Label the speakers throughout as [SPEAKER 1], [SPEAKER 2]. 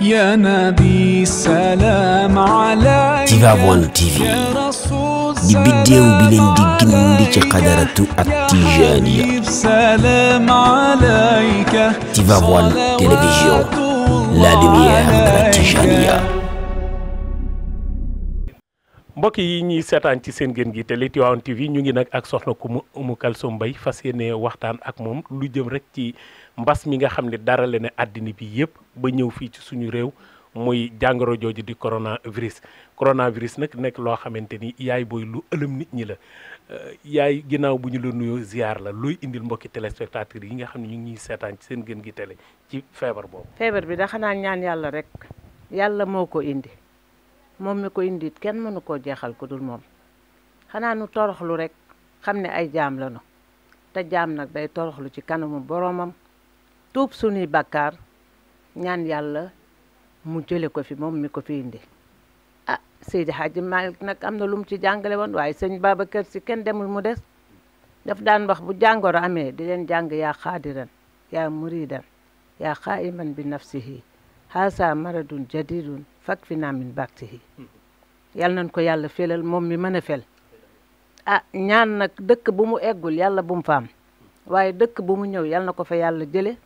[SPEAKER 1] يا نبي السلام عليك تيفا تي في دي بيديو بلين دي جندي تي قدرتو التيجانية سلام عليك تيفا تيفافون تلفزيون لا لميير دو التيجانية mbokk yi ñuy seetaan ci seen gën gi te li Tivaouane TV ñu ngi nag ak soxna ku mu Umu Kalsum Mbaye fas yéene waxtaan ak moom lu jëm rek ci mbas mi nga xam ne dara la ne àddina bi yëpp ba ñëw fii ci suñu réew muy jàngoro jooju di coronavirus coronavirus nag nekk loo xamante ni yaay booy lu ëlëm nit ñi la euh, yaay ginnaaw bu ñu la nuyoo ziar la looy indil mbokki téléspectateurs yi nga xam ne ñu ngi ñuy seetaan ci seen gën gi télé ci feebar boobu.
[SPEAKER 2] feebar bi da xanaa ko indi. moom mi ko indi it kenn mënu koo jeexal ku dul moom xanaa nu toroxlu rek xam ne ay jaam lañu te jaam nag day toroxlu ci kanamu boroomam tuub sunuy bàkkaar ñaan yàlla mu jële ko fi moom mi ko fi indi ah Seydi Hadji Malick nag am na lu mu ci jàngale woon waaye sëñ Babacar Si kenn demul mu des def daan wax bu jàngoro amee di leen jàng yaa xaadiran yaa muridan yaa xaayiman bi nafsihi haasa maradun jadidun fak fi naa min baktihi yal nañ ko yàlla felal moom mi mën a fel ah ñaan nag dëkk bu mu eggul yàlla bu mu faam waaye dëkk bu mu ñëw yal na ko fa yàlla jële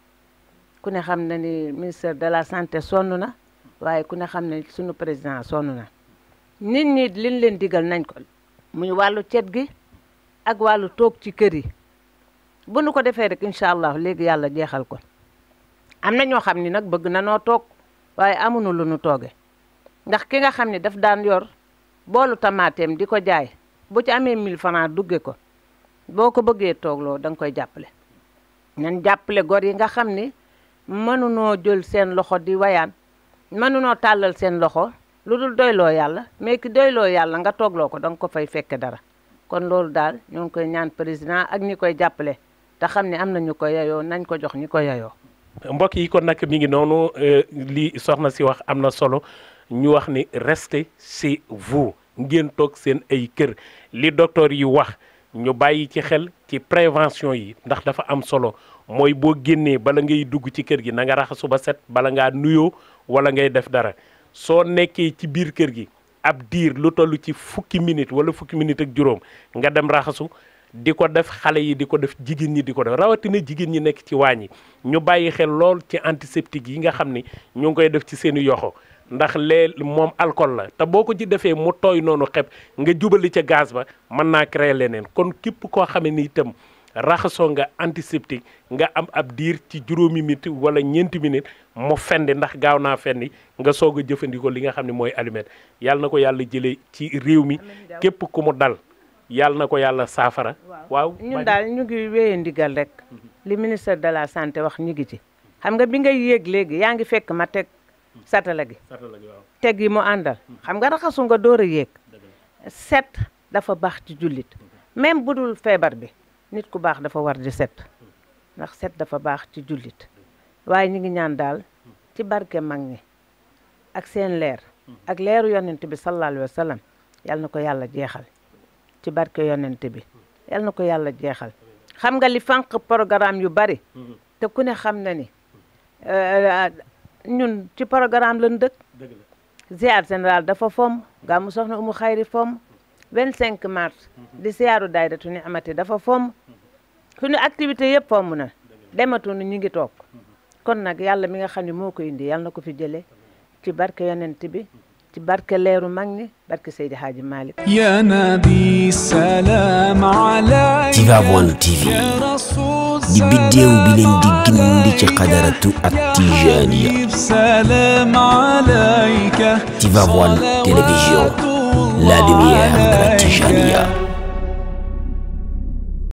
[SPEAKER 2] ku ne xam na ni ministère de la santé sonn na waaye ku ne xam ne sunu président sonn na nit ñi lin leen digal nañ ko muy wàllu cet gi ak wàllu toog ci kër yi bu nu ko defee rek incha allah léegi yàlla jeexal ko am na ñoo xam ni nag bëgg na noo toog waaye amunu lu nu tooge ndax ki nga xam ne daf daan yor boolu tamaateem di ko jaay bu ci amee 1000 francs dugge ko boo ko bëggee toogloo da nga koy jàppale nan jàppale gor yi nga xam ni mënunoo jël seen loxo di wayaan mënunoo tàllal seen loxo lu dul doyloo yàlla mais ki doyloo yàlla nga toogloo ko da nga ko fay fekk dara kon loolu daal ñoo ngi koy ñaan président ak ñi koy jàppale te xam ni am na ñu ko yayoo nañ ko jox ñi ko yayoo
[SPEAKER 1] mbokk yi kon nag mi ngi noonu eh, li soxna si wax am na solo ñu wax ni restez chez vous ngeen tok seen ay kër li docteur yi wax ñu bayyi ci xel ci prévention yi ndax dafa am solo moy bo génné bala ngay dugg ci kër gi nga raxasu ba set bala nga nuyo wala ngay def dara so nekké ci biir kër gi ab diir lu tollu ci fukki minute wala fukki minute ak juroom nga dem raxasu diko def xalé yi diko def jigéen ñi di ko def rawatina jigéen ñi nekk ci wañi ñu bayyi xel lool ci antiseptique yi nga xamni ñu ngi koy def ci seen yoxo ndax lee moom alcool la te boo ko ci defee mu tooy noonu xeb nga jubali ca gaz ba man naa créer leneen kon képp koo xam ne ni itam raxasoo nga antiseptique nga am ab diir ci juróomi minute wala ñeenti minute mu fendi ndax gaaw naa fendi nga soog a jëfandikoo li nga xam ne mooy allumette yàlla na ko yàlla jëlee ci réew mi képp ku mu dal yàlla na ko yàlla saafara. waaw ñun daal
[SPEAKER 2] ñu ngi wéyee ndigal rek. Mhm. li ministre de la santé wax ñu ngi ci. xam nga bi ngay yéeg léegi fekk ma teg. satala gi teg yi mu àndal hmm. xam nga raxasu nga door a yéeg set dafa baax ci jullit même bu dul feebar bi nit ku baax dafa war di set hmm. ndax set dafa baax ci jullit waaye ñu ngi ñaan daal hmm. ci barke mag ñi ak seen leer ak leeru yonent bi sallallahu alayhi wa sallam yal na ko yàlla jeexal ci barke yonent bi yal na ko yàlla jeexal xam nga li fànq programme yu bari te ku ne xam na ni euh, ñun ci programme lañ dëkk ziar général dafa fomm mu soxna umu xayri fomm cinq mars mhm. di siyaaru daayiratu ni amati dafa fomm mhm. suñu activité yëpp fomm na dematuñu ñu ngi toog mhm. kon nag yàlla mi nga xam ne moo ko indi yàlla na ko fi jëlee ci barke yonent bi ci barke leeru mag ñi barke Seydi Hadji Malick ya
[SPEAKER 1] nabi salaam alayka TV di biddéew bi leen di gindi ci xadaratu ak tijaaniya
[SPEAKER 2] Tivaouane télévision la lumière de la tijaaniya